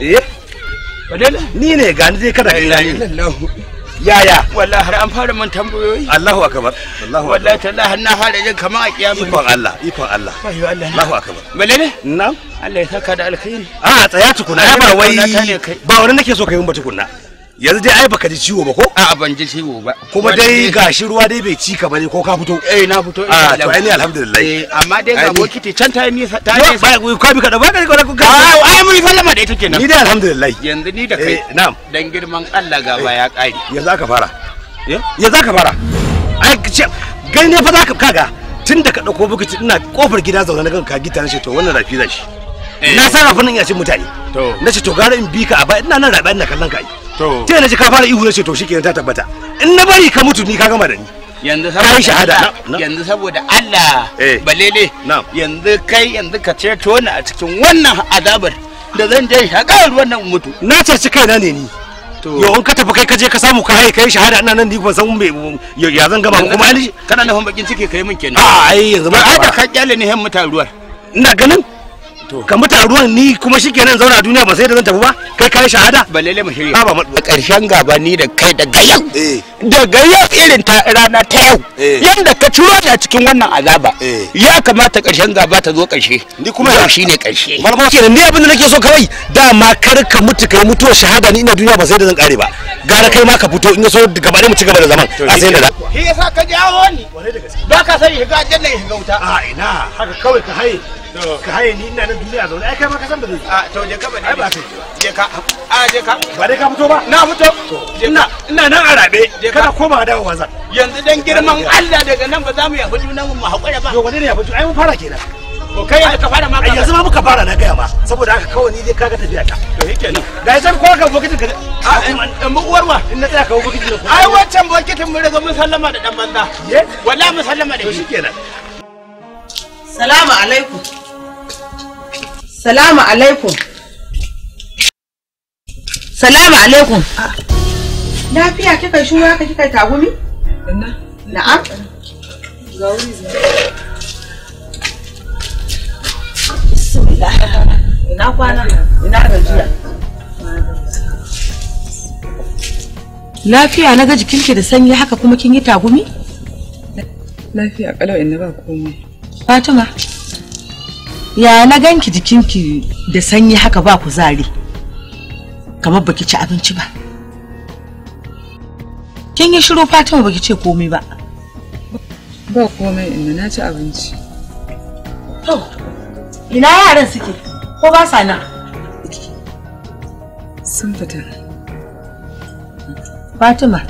eh badala ni ne gani zai kada ya ya wallahi har an fara man tambayoyi Allahu akbar Allahu wallahi tallahi na fara jin kamar a kiyama ikon Allah ikon Allah Allahu akbar balele na Allah ya saka da alkhairi a ah, tsaya tukuna ba wai ba wani nake so kai mun ba tukuna. yanzu dai ai baka ji ciwo ba ko a ban ji ciwo ba kuma dai gashi ruwa dai bai ci ka bane ko ka fito eh na fito ah, a to ai ne alhamdulillah eh amma dai ga bokiti can ta ni ta ni ba ku ka bi ka da ba ka ko ka ah, ai mun sallama dai ita kenan ni dai alhamdulillah yanzu ni da kai eh, na'am dan girman Allah ga ba ya kare eh, yanzu aka fara yanzu ka fara ai gani ne fa zaka kaga tun da ka dauko bokiti ina kofar gida zaune na ganka gita na ce to wannan rafi zan shi Eh. na san fannin yashin ya mutane na ce to gara in bi ka a baya ina nan raɓa ina kallon ka yi ta na ce ka fara ihu na ce to shikenan ta tabbata in na bari ka mutu ni ka gama da ni yanzu saboda shahada yanzu saboda Allah eh. balele yanzu kai yanzu ka ceto ni a cikin wannan azabar da zan je shakar wannan mutu na ce kai na ne ni yau in ka tafi kai ka je ka samu ka haye kai shahada ina nan ni ban san me ya zan gama kuma ai kana nufin bakin ciki kai min kenan a ai yanzu ba ai ka kyale ni hen mutaruwar ina ganin ka mutu ruwan ni kuma shikenan zauna a duniya ba sai da zan tafi ba kai kai shahada ba lalle mu shirya ba matsu karshen gaba ni da kai daga yau eh. daga yau irin ta rana ta yau eh. yanda ka ciro ni a cikin wannan azaba eh. ya kamata karshen gaba ta zo karshe ni kuma yau shine karshe malama kenan ni abin da nake so kawai dama kar ka mutu kai a shahada ni ina duniya ba sai da zan kare ba gara kai ma ka fito in so gaba ne mu ci gaba da zaman a sai da shi yasa ka jawo ni ba ka sani shiga aljanna shiga wuta a ina haka kawai ka haye ka haye ni ina na duniya zaune ai kai ma ka san ba zai a ah, to je ka bane ai ba kai je ka a ah, je ka ba dai ka fito ba na fito ina ina nan a rabe kada koma dawo ba zan yanzu dan girman Allah daga nan ba za mu yafi junan mu hakura ba to wani ne ya fito ai mun fara kenan to kai yanzu ka fara ma ka yanzu ma muka fara na gaya ma saboda haka kawai ni dai kaga tafiya ta to yake nan ga yasan ko ka bokitin ka a ah, in ba uwarwa in na tsaya ka bokitin ai wancan bokitin mun riga mun sallama da dan banza wallahi mun sallama da shi to shikenan Salamu alaikum. Salamu alaikum. Salamu alaikum. Lafiya kika shi haka kika tagumi? Na'am. Ga wuri Ina kwana? Ina gajiya. Lafiya na ga jikinki da sanyi haka kuma kin yi tagumi? Lafiya kalau inna ba komai. Fatima, ya na ganki jikinki da sanyi haka ba kuzari, kamar baki ci abinci ba. Kin yi shiru Fatima baki ce komai ba. Ba komai inda na ci abinci. To, ina yaran suke, ko ba sa nan? Sun fita. Fatima,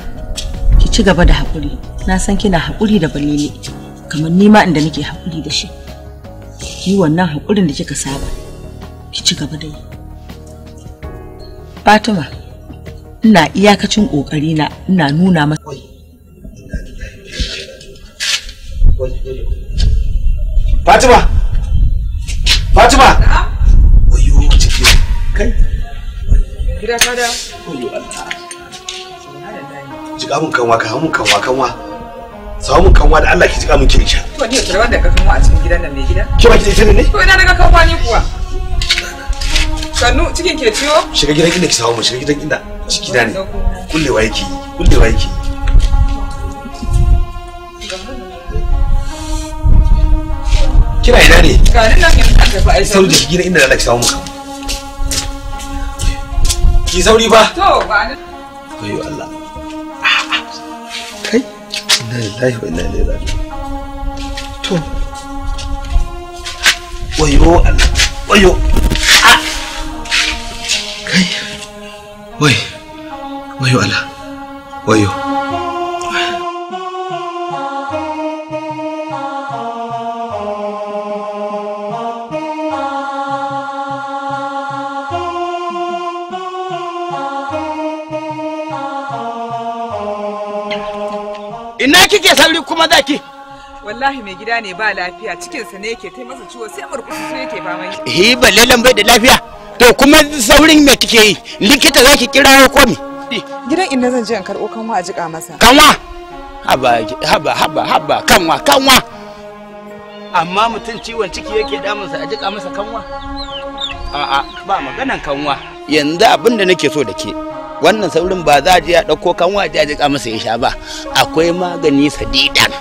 ki ci gaba da haƙuri, na san kina haƙuri da balili. kamar nima inda nake haƙuri da shi yi wannan haƙurin da kika saba ki ci gaba da yi fatima ina iyakacin ƙoƙari na ina nuna masa fatima fatima wayo kai gida ta da Allah jiga mun kanwa ka hamun kanwa kanwa samu mun kanwa da Allah ki jika mun kirisha to ni kira wanda ka kanwa a cikin gidan nan ne gidan. ki ba ki da ne to ina daga kanwa ni kuwa sannu cikin ke ciwo shiga gidan inda ki samu mun shiga gidan inda ciki da ne kullewa yake kullewa yake kina ina ne ga nan yanzu an tafi aisha sauri da ki gidan inda Allah ki samu mu ki sauri ba to ba ni Allah 太困难了，痛！我有，我有，啊！可以，喂，我有阿拉，我有。ina kike sauri kuma zaki wallahi mai gida ne ba lafiya cikinsa ne yake ta masa ciwo sai murkusu ne yake ba mai hi balelan bai da lafiya to kuma saurin me kike yi likita zaki kira ko komi. gidan inda zan je in karɓo kanwa a jika masa kanwa haba haba haba haba kanwa kanwa amma mutum ciwon ciki yake damunsa a jika masa kanwa a'a ba maganan kanwa yanzu abin da nake so da ke wannan saurin ba za a je a ɗauko kan a je a masa ya sha ba akwai magani sadidan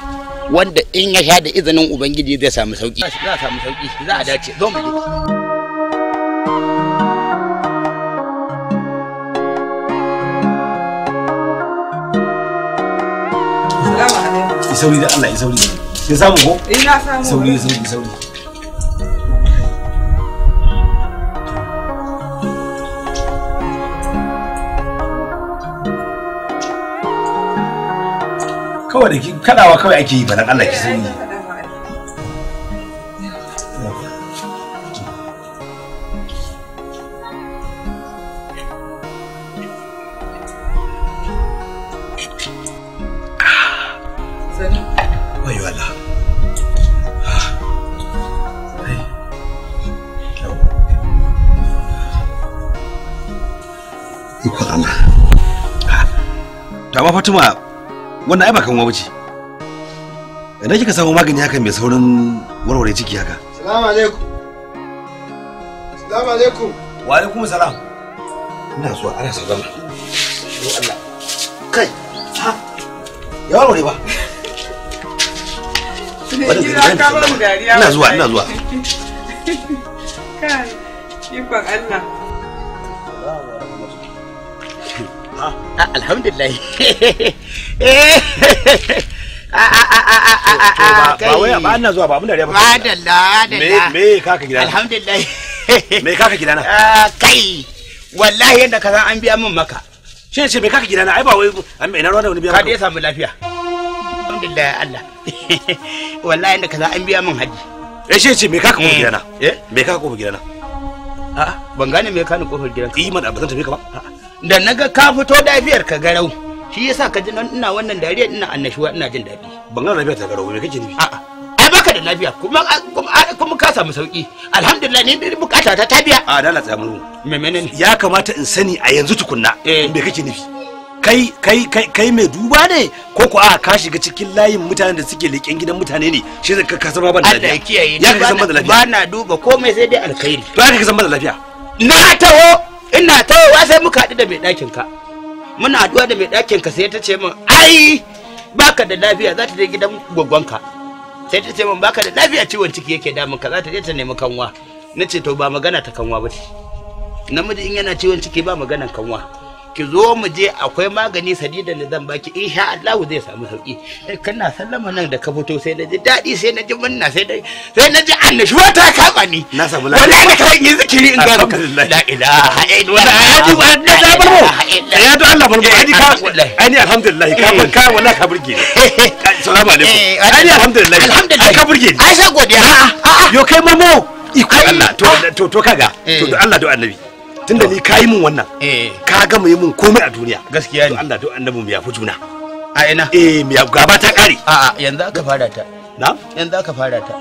wanda in ya sha da izinin ubangiji zai samu sauki za a samu sauki za a dace zo mu je Isauri da Allah, isauri. Ya samu ko? Ina eh, samu. Sauri sauri sauri. kawai da ki kadawa kawai ake yi ba dan Allah ki sani wannan ai ba kanwa bace ina kika samu magani haka mai saurin warware ciki haka salamu alaikum salamu alaikum wa alaikum salam ina so ana zama shi Allah kai ha ya warware ba ina zuwa ina zuwa kai ikon Allah alhamdulillah ba wai ba ina zuwa ba abin da riya ba madalla madalla me kaka gidana alhamdulillah me kaka gidana kai wallahi yadda ka san an biya min maka shi ce me kaka gidana ai ba wai an ina ruwa da wani biya maka ka dai samu lafiya alhamdulillah Allah wallahi yadda ka san an biya min haji eh shi ce me kaka kuma gidana eh me kaka kuma gidana a'a ban gane me kaka kofar gidanka yi mana ba zan tafi ka ba a'a da naga ka fito lafiyar ka garau shi yasa ka ji nan ina wannan dariya ina annashuwa ina jin daɗi ban ga lafiya ta garau me kake nufi a ai baka da lafiya kuma kuma ka samu sauki alhamdulillah ni da bukata ta tabiya a da tsamu me menen ya kamata in sani a yanzu tukunna eh. me kake nufi kai kai kai kai mai duba ne ko ko a ka shiga cikin layin mutanen da suke leƙen gidan mutane ne shi ka ka zama ban da lafiya Allah ya ka zama da lafiya ba na duba komai sai dai alkhairi to ka zama da lafiya na taho ina tawowa sai muka haɗu da mai ɗakin ka muna haɗuwa da mai ɗakin ka sai ta ce min ai baka da lafiya za ta je gidan gwaggon ka sai ta ce min baka da lafiya ciwon ciki yake damun ka za ta je ta nemi kanwa na ce to ba magana ta kanwa ba ce namiji in yana ciwon ciki ba maganan kanwa ki zo mu je akwai magani sadida da zan baki insha Allah zai samu sauki eh, kana sallama nan da ka fito sai na ji daɗi sai na ji munna sai dai sai na ji annashuwa ta kama ni na samu lafiya wallahi da kai yi zikiri in ga la ilaha illallah ya ji ba da zabar mu ya to Allah barbu ai ka ai ni alhamdulillah ka bar ka wallahi ka burge ni eh, eh, assalamu alaikum ai alhamdulillah alhamdulillah ka burge ni ai sai godiya a'a yo kai mamo iko Allah to to kaga to Allah do annabi tunda ni ka yi min wannan eh. ka gama yi mun komai a duniya gaskiya ne Allah duk annabi mu yafi juna a ina eh mu gaba ta kare a a yanzu aka fara ta na yanzu aka fara ta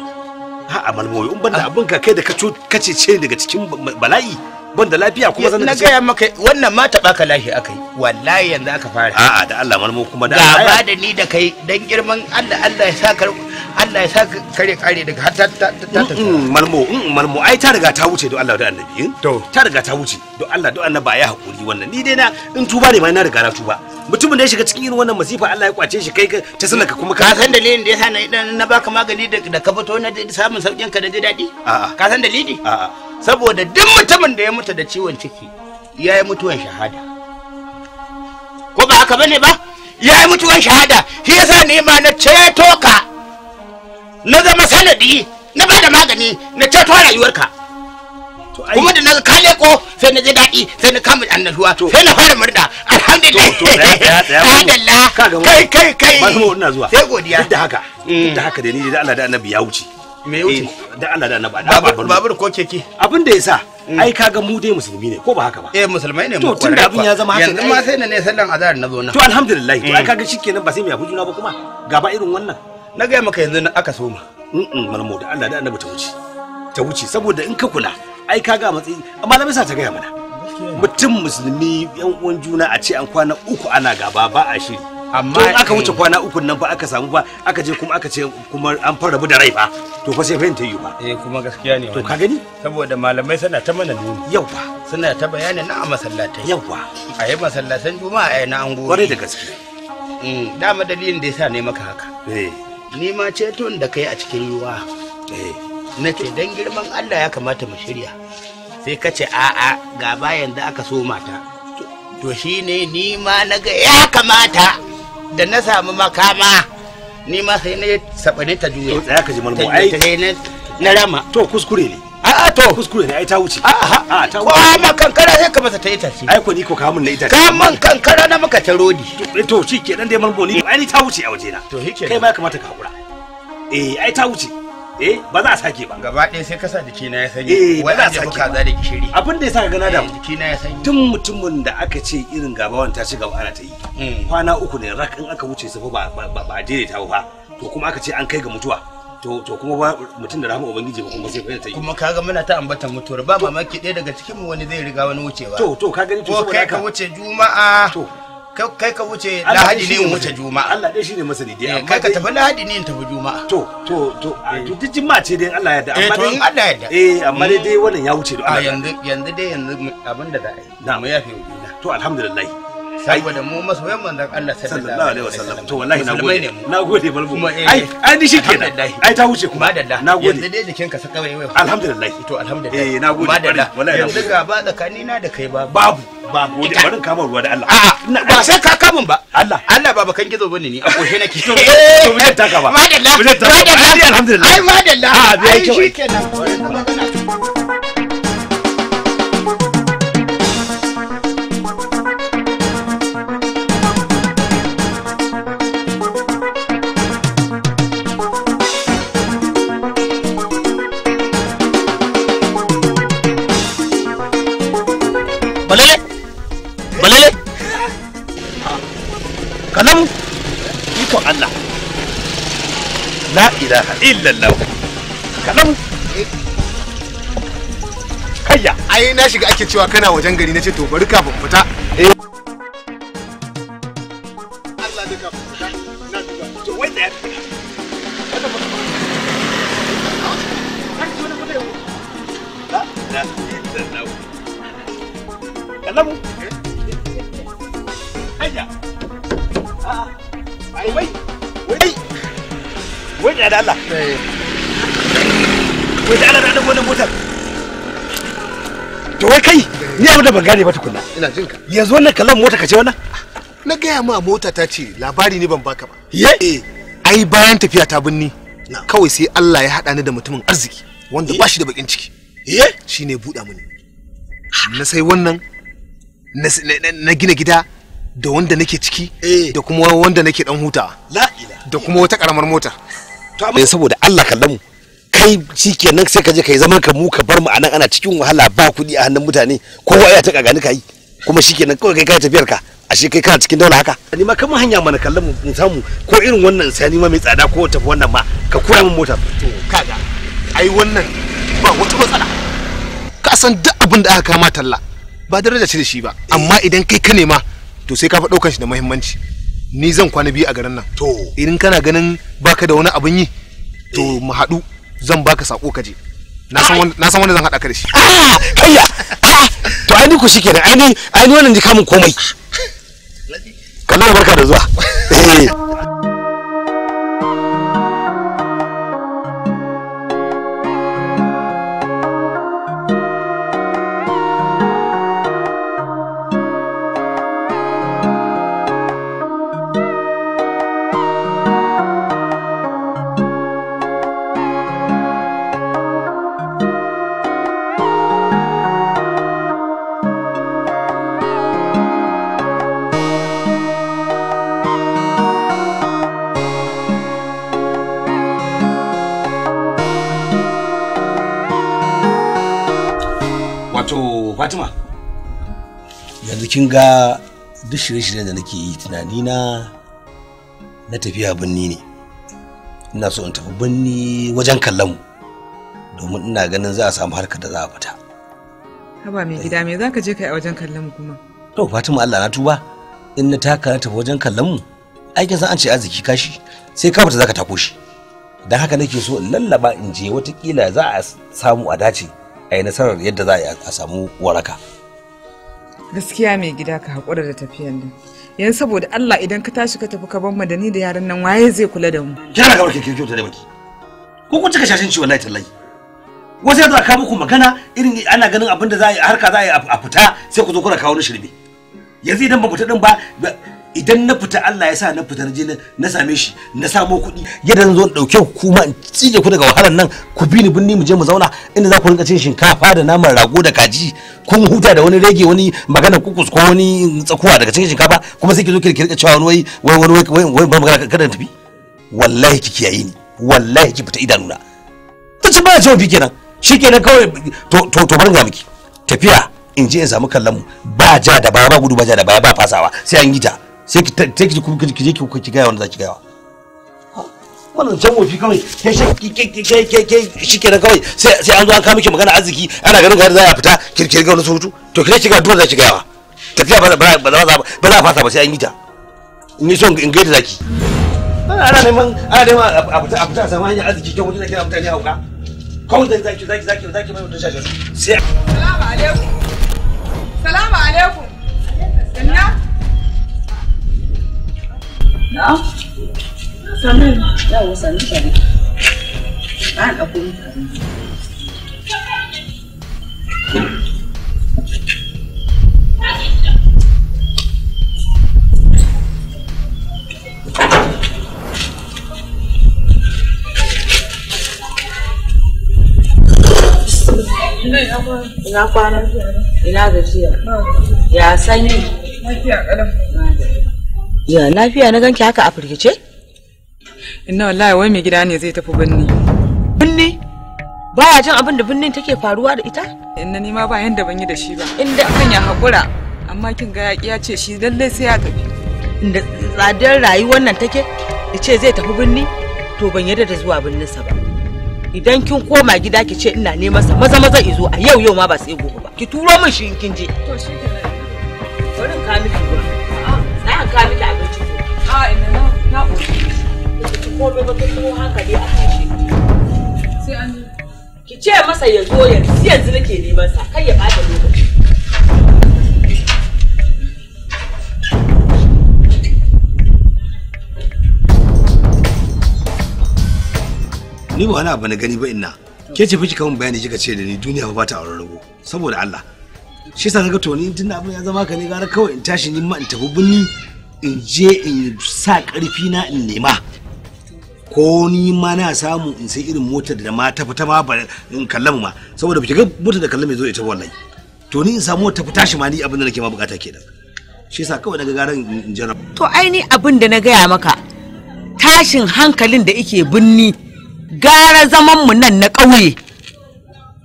ha a malmoyi in banda ah. abin ka kai da ka ce ce daga cikin bala'i banda lafiya kuma zan na gaya maka wannan ma ta ka lahi akai wallahi yanzu aka fara a'a da Allah malmo kuma da gaba da ni da kai dan girman Allah Allah ya sa ka Allah ya saka kare kare daga har ta ta ta malmo malmo ai ta riga ta wuce don Allah da annabi eh? to ta riga ta wuce don Allah don annabi ya hakuri wannan ni dai na in tuba ne ma na riga na tuba mutumin da ya shiga cikin irin wannan masifa Allah ya kwace shi kai ta sanaka kuma ka san dalilin da yasa na baka magani da ka fito na samun saukin ka da ji daɗi ka san dalili a'a saboda duk mutumin da ya mutu da ciwon ciki ya yi mutuwan shahada ko ba haka bane ba ya yi mutuwan shahada shi yasa ne ma na ceto ka na zama sanadi na ba da magani na ceto rayuwarka kuma da na ka leko sai na ji daɗi sai na kama annashuwa sai na fara murda alhamdulillah alhamdulillah kai kai kai ba kuma ina zuwa sai godiya duk da haka duk da mm. haka da ni da Allah da annabi ya wuce me wuce eh, da Allah da annabi babu babu ko keke abin da yasa mm. ai kaga mu dai musulmi ne ko ba haka ba eh musulmai ne to tunda abin ya zama haka yanzu ma sai na ne sallan azhar na zo na to alhamdulillah to ai kaga mm. shikenan ba sai mu yafi juna ba kuma gaba irin wannan na gaya maka yanzu aka soma malamu da Allah da annabi ta wuce ta wuce saboda in ka kula ai ka ga matsayi na sa ta gaya mana mutum musulmi yan uwan juna a ce an kwana uku ana gaba ba a shiri amma in aka eh. wuce kwana uku nan ba aka samu ba aka je kuma aka ce kuma an fara rabu da rai ba to fa sai fahimta yi ba eh kuma gaskiya ne to ka gani saboda malamai suna ta mana nuni yawa suna ta bayani na a masallatai yawa a yi masallatan juma'a a na an kwarai da gaske mm, dama dalilin da yasa ne maka haka eh ni ma ceton da kai a cikin ruwa eh, na ce don girman Allah ya kamata mu shirya sai ka ce a'a ga ba da aka so mata to shi ne ni ma na ga ya kamata da na samu makama ni ma sai na saɓani ta juya to tsaya ka ji malmu ai na rama to kuskure ne to kuskure ne ai ta wuce a ta wuce ko amma kankara sai ka masa ta itace ai ko ni ko ka mun na itace ka mun kankara na maka ta rodi eh, to shi ke dan dai mun ni ai ni ta wuce a waje na to shi kai ma kamata ka hakura eh ai ta wuce eh ba za a sake ba gaba ɗaya sai kasa jiki na ya sanyi eh ba za a sake kaza da gishiri abin da ya saka gana da eh, jiki na ya sanyi tun mutumin da aka ce irin gabawan ta ci gaba ana ta yi hmm. kwana uku ne rak in aka wuce su ba ba ba ba daidaita ba to kuma aka ce an kai ga mutuwa to to kuma ba mutum da rahama ubangiji ba kuma sai fa ta yi kuma kaga muna ta ambata mutuwar ba mamaki ɗaya daga cikin mu wani zai riga wani wucewa to to ka gani to kai ka wuce juma'a to kai ka wuce lahadi ne mu wuce juma'a Allah dai shine masani dai eh, amma kai ka tafi lahadi ne in tafi juma'a to to to ah, duk juma'a ce dai Allah ya yarda eh, amma dai Allah ya yarda eh amma dai wannan ya wuce da ah, Allah yanzu yanzu dai yanzu abinda da yi na mu yafe to alhamdulillah saboda mu masoyan manzon Allah sallallahu alaihi wasallam to wallahi na gode na gode balbu eh, ai ai ni shikenan ai ta wuce kuma madalla na gode yanzu dai jikin ka saka wai alhamdulillah to alhamdulillah eh na gode madalla wallahi yanzu ga ba tsakani na da kai ba babu babu wani barin kama ruwa da Allah a'a ba sai ka kamun ba Allah Allah ba bakan gizo bane ni a koshe nake to mu ta ka ba madalla madalla alhamdulillah ai madalla ah, ai shikenan ilaha illallah kalam kayya ai na shiga ake cewa kana wajen gari nace to bari kafin fita Wait. wai ya da Allah wai da Allah da wannan motar to wai kai ni abin da ban gane ba tukunna ina jin ka yanzu wannan kallon mota ka ce wannan na gaya ma mota ta ce labari ne ban baka ba ye eh, ai bayan tafiya ta binni kawai sai Allah ya hada ni da mutumin arziki wanda ba shi da bakin ciki ye shine buɗa mini na sai wannan na gina gida da wanda nake ciki eh. da kuma wanda nake dan hutawa da kuma wata karamar mota to eh, saboda Allah kallon mu kai shikenan sai ka je kai zaman ka mu ka bar mu anan ana cikin wahala ba kuɗi a hannun mutane kowa ya ta kagani kai kuma shikenan kawai kai ka tafiyar ka ashe kai kana cikin daula haka ni ma kamar hanya mana kallon mu mu samu ko irin wannan sani ma mai tsada ko tafi wannan ma ka koya min mota to kaga ai wannan ba wata matsala ka san duk abin da aka kama talla ba daraja ce da shi ba amma idan kai ka nema to sai ka fa daukar shi da muhimmanci ni zan kwana biyu a garin nan to idan kana ganin baka da wani abin yi to eh. mu haɗu zan baka sako ka je na san wanda zan haɗa ka da shi kayya ah, ah, to ai ni ku shi ai ni ai ni wannan ji kamun komai kallon barka da zuwa eh. Fatima. Yanzu kin ga duk shirye-shiryen da nake yi tunani na na tafiya birni ne. Ina so in tafi birni wajen kallon mu. Domin ina ganin za a samu harkar da za a fita. Haba mai gida me za ka je kai a wajen kallon mu kuma? To Fatima Allah na tuba in na taka na tafi wajen kallon mu. Aikin san an ce arziki kashi sai ka fita za ka tako shi. Don haka nake so in lallaba in je watakila za a samu a dace. a yi nasarar yadda za a samu waraka gaskiya mai gida ka haƙura da tafiyan nan yan saboda Allah idan ka tashi ka tafi ka ban da da yaran nan waye zai kula da mu kina ga warke ke kyauta da baki ko kun cika shashin ci wallahi tallahi wasu yadda aka muku magana irin ana ganin abin da za a harka za a fita sai ku zo kuna kawo ni shirbi yanzu idan ba fita din ba idan na fita Allah ya sa na fita je na same shi na samo kuɗi yadda zan zo in ɗauke ku kuma in cije ku daga wahalar nan ku bi ni binni mu je mu zauna inda za ku rinka cin shinkafa da naman rago da kaji kun huta da wani rege wani magana kukus ko wani tsakuwa daga cikin shinkafa kuma sai ki zo ki rika cewa wani wai wani wai wai ba magana kada tafi wallahi ki kiyaye ni wallahi ki fita idanuna ta ci ba ce kenan shikenan kawai to to to ga miki tafiya in je in samu kallon mu ba ja da baya ba gudu ba ja da baya ba fasawa sai an yi ta sai ki sai ki kuma ki je ki ki gaya wanda za ki gaya wannan can wofi kawai ke ke ke ke shi kenan kawai sai sai an zo an kawo miki magana arziki ana ganin gari za a fita kirkiri ga wani surutu to kire ki ga dole za ki gaya tafiya ba ba ba za fasa ba sai an yi ta in yi son in gaida zaki ana neman ana neman a fita a fita a samu hanyar arziki kyan wajen da kira mutane hauka kawai zaki zaki zaki zaki mai mutum shashen sai salamu alaikum salamu alaikum na'am sannan yawo sannu ka ne an ɗauko muka Ina kwana? Ina gajiya? Ya sanyi? Lafiya ya lafiya na ganki haka a firgice inna wallahi wai mai gida ne zai tafi binni binni Ba ya jin abin da binnin take faruwa da ita inna ni ma ba yanda ban yi da shi ba inda kan ya hakura amma kin ga ya ce shi lalle sai ya tafi inda tsadar rayuwar nan take ce zai tafi binni to ban yarda da zuwa sa ba idan kin koma gida ki ce ina neman sa maza maza izo a yau yau ma ba sai gobe ba ki turo min shi in kin je to shi ke bari ka miki komai ba ta kuma hankali a kan shi. Sai an yi. Ki ce masa ya zo yanzu yanzu nake neman sa kai ya bada lokaci. Ni ba wani abu na gani ba ina. Ke ce fi kika mun bayani kika ce da ni duniya ba ta auren rago saboda Allah. Shi sa kaga to ni tun abin ya zama ka ne gara kawai in tashi ni ma in tafi bini in je in sa karfi na in nema. ko ni ma na samu in sai irin motar da ma ta fita ma in kallamu ma saboda ba ga motar da kallamu zo ita wallahi to ni in samu ta fita shi ma ni abin da nake ma bukata kenan shi yasa kawai daga garan in jira to ai ni abin da na gaya maka tashin hankalin da ike binni gara zaman mu nan na ƙauye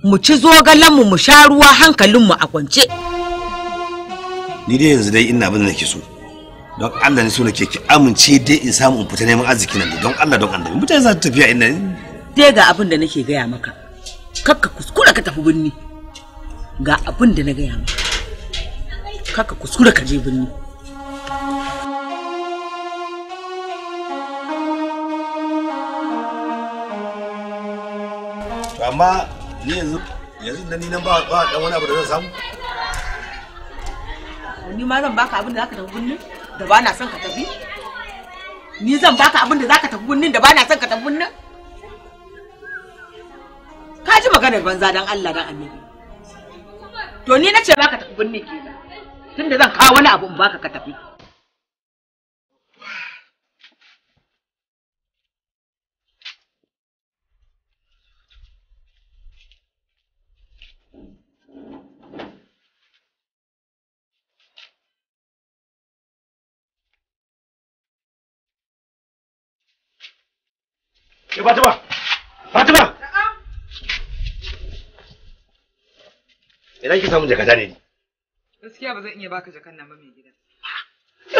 mu ci zogalen mu mu sha ruwa hankalin mu a kwance ni dai yanzu dai ina abin da nake so don Allah ne so nake ki amince dai in samu in fita neman arziki nan don Allah don annabi mutane za su tafiya inda dai ga abin da nake gaya maka kakka kuskura ka tafi birni ga abin da na gaya maka kakka kuskura ka je birni to amma ni yanzu yanzu da ni nan ba ba dan wani abu da zan samu ni ma zan baka abin da zaka tafi birni da ba na son ka tafi ni zan baka abin da zaka tafi birnin da ba na son ka tafi birnin ka ji maganar banza dan Allah dan annabi to ni nace baka tafi birnin kenan tunda zan kawo wani abu in baka ka tafi Ya eh, Fatima. Fatima. Idan ki samu jakata ne Gaskiya ba zan iya baka jakan nan ba mai gida.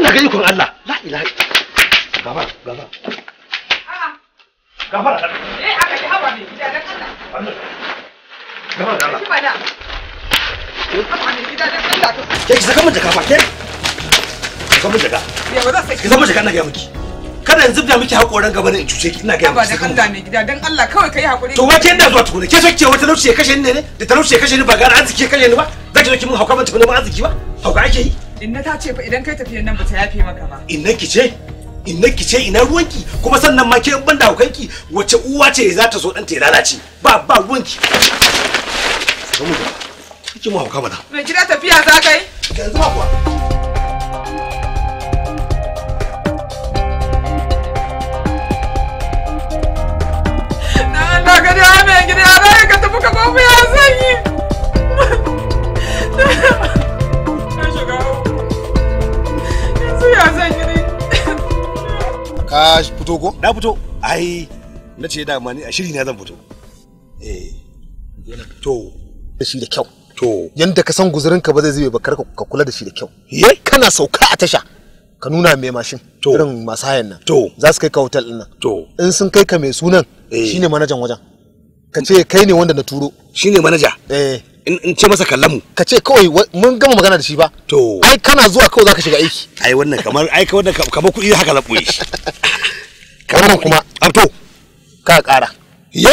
Ina ga ikon Allah. La ilaha Gafara, gafara. A'a. Gafara. Eh, aka ki hawa ne gida dan Allah. Allah. Gafara da Allah. Ki bada. Eh? Haba mai gida Ke ki saka mun jaka fa ke. Saka mun jaka. Ya ba za ki saka mun jaka na ga miki. kada in zubda miki hakoran gaba da in cuce ki ina ga ba da Allah mai gida dan Allah kawai kai hakuri to wace inda zuwa tukuna ke so ke wata lokaci ya kashe ni ne da ta lokaci ya kashe ni ba gara arziki ya kashe ni ba zaki zo ki mun hauka ban tukuna ba arziki ba hauka ake yi inna ta ce fa idan kai tafiyar nan ba ta yafe maka ba inna ki ce inna ki ce ina ruwanki kuma sannan ma ke ban da ki wace uwa ce za ta so dan ta lalace ba ba ruwanki kamu ki kike mu hauka ba da mai gida tafiya za kai yanzu ba kuwa haka babu ya zan yanzu ya zan yi ka fito ko na fito ai na ce dama ni a shiri na zan fito eh to da shi da kyau to yanda ka san guzurin ka ba zai zube ba kar ka kula da shi da kyau ye kana sauka a tasha ka nuna mai mashin irin masu hayan nan to za su kai ka hotel din nan to in sun kai ka mai sunan eh. shine manajan wajen ka ce kai ne wanda na turo ne manaja eh in ce masa kallamu ka ce kawai mun gama magana da shi ba to ai kana zuwa kawai zaka shiga aiki ai wannan kamar ai ka wannan kamar kuɗi haka laɓoye shi wannan kuma to ka ƙara ye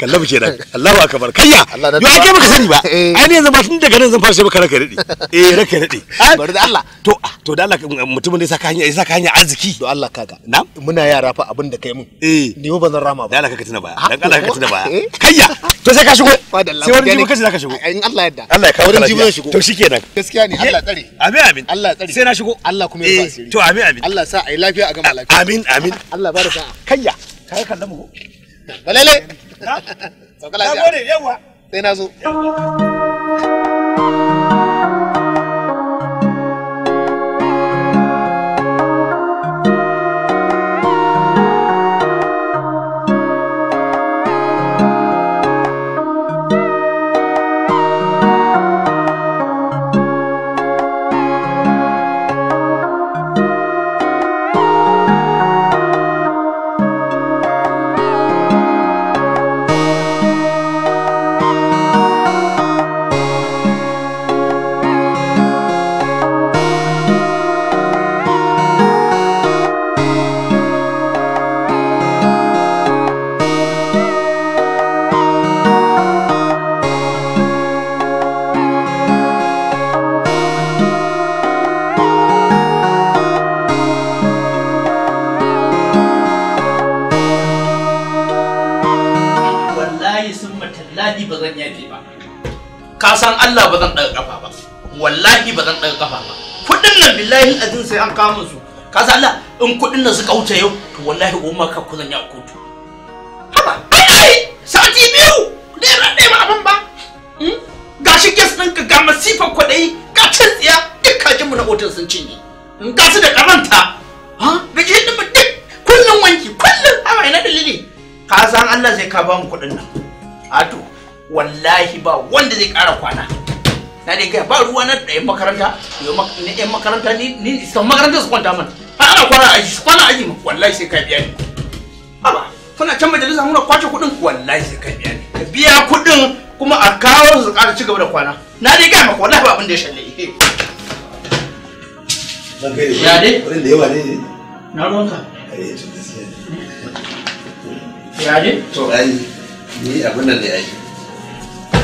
kallabu kenan Allahu akbar kayya yo ake baka sani ba eh. ai ne yanzu ba tun daga nan zan fara sai baka raka dade eh raka ah, bari da Allah to ah, to da Allah mutumin da saka hanya saka hanya arziki to Allah kaga na muna yara fa abin da kai mun eh ni ba zan rama ba da Allah ka tuna baya ah, dan Allah ka tuna baya eh. kayya to sai ka shigo sai wani jibi kace zaka shigo in Allah yadda Allah ya kawo wani jibi shigo to shikenan gaskiya ne Allah tsare amin amin Allah tsare sai na shigo Allah kuma ya ba eh, asiri to amin amin Allah sa ai lafiya a gama lafiya amin amin Allah kayya kai kallamu balele sauka lafiya sai na zo san Allah ba zan ɗaga ƙafa ba wallahi ba zan ɗaga ƙafa ba kuɗin nan billahi azin sai an kama su ka san Allah in kuɗin nan suka wuce yau to wallahi umma ka ku zan a kotu haba ai sati biyu naira ɗaya ma abin ba hmm? Ga shi kes ka, ga masifar kwaɗayi ga cin tsiya duk kajinmu na otal sun cinye hmm, ga su da karanta, ga ji hidima duk kullum wanki kullum haba ina dalili ka san Allah zai ka ba mu kuɗin nan ato wallahi ba wanda zai kara kwana na dai kai ba ruwa na ɗayan makaranta na ɗayan makaranta ni ni san makaranta su kwanta min ha ana kwana a aji su kwana aji min wallahi sai ka biya ni haba kuna can majalisa muna kwace kuɗin wallahi sai ka biya ni ka biya kuɗin kuma a kawo su ƙara ci gaba da kwana na dai kai maka wallahi ba abin da ya shalle ya dai wurin da yawa ne na ruwanka eh, ya dai to ai ni abin nan ne ai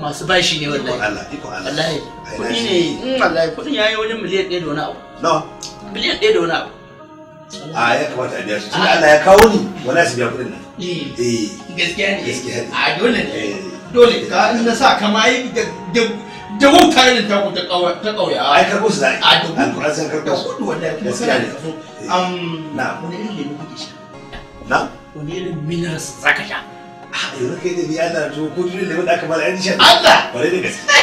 masu bashi ne wallahi iko Allah iko Allah wallahi kudi ne in wallahi kudin yayi wajen miliyan 1 da wani abu no miliyan 1 da wani abu a ya kamata a biya shi tunda Allah ya kawo ni wallahi su biya kudin nan eh gaskiya ne gaskiya a dole ne eh. dole ka in na sa kama yi da da wuta ne ta ku ta kawo kawo ta ya ai karbo su dai a dubu alquran san karbo su kudu wallahi gaskiya ne eh. am na wani irin ne kuke sha na wani irin minerals zaka sha Ah, yanzu kai da biya na to ko dole da aka bada ainihin shan Allah bare da gaske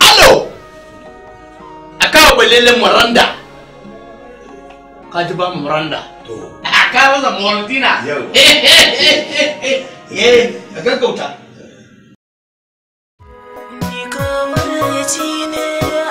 alo a kawo balilin miranda ka ji ba mu miranda a kawo za morantina yau eh a gaggauta ni kamar ya ci ne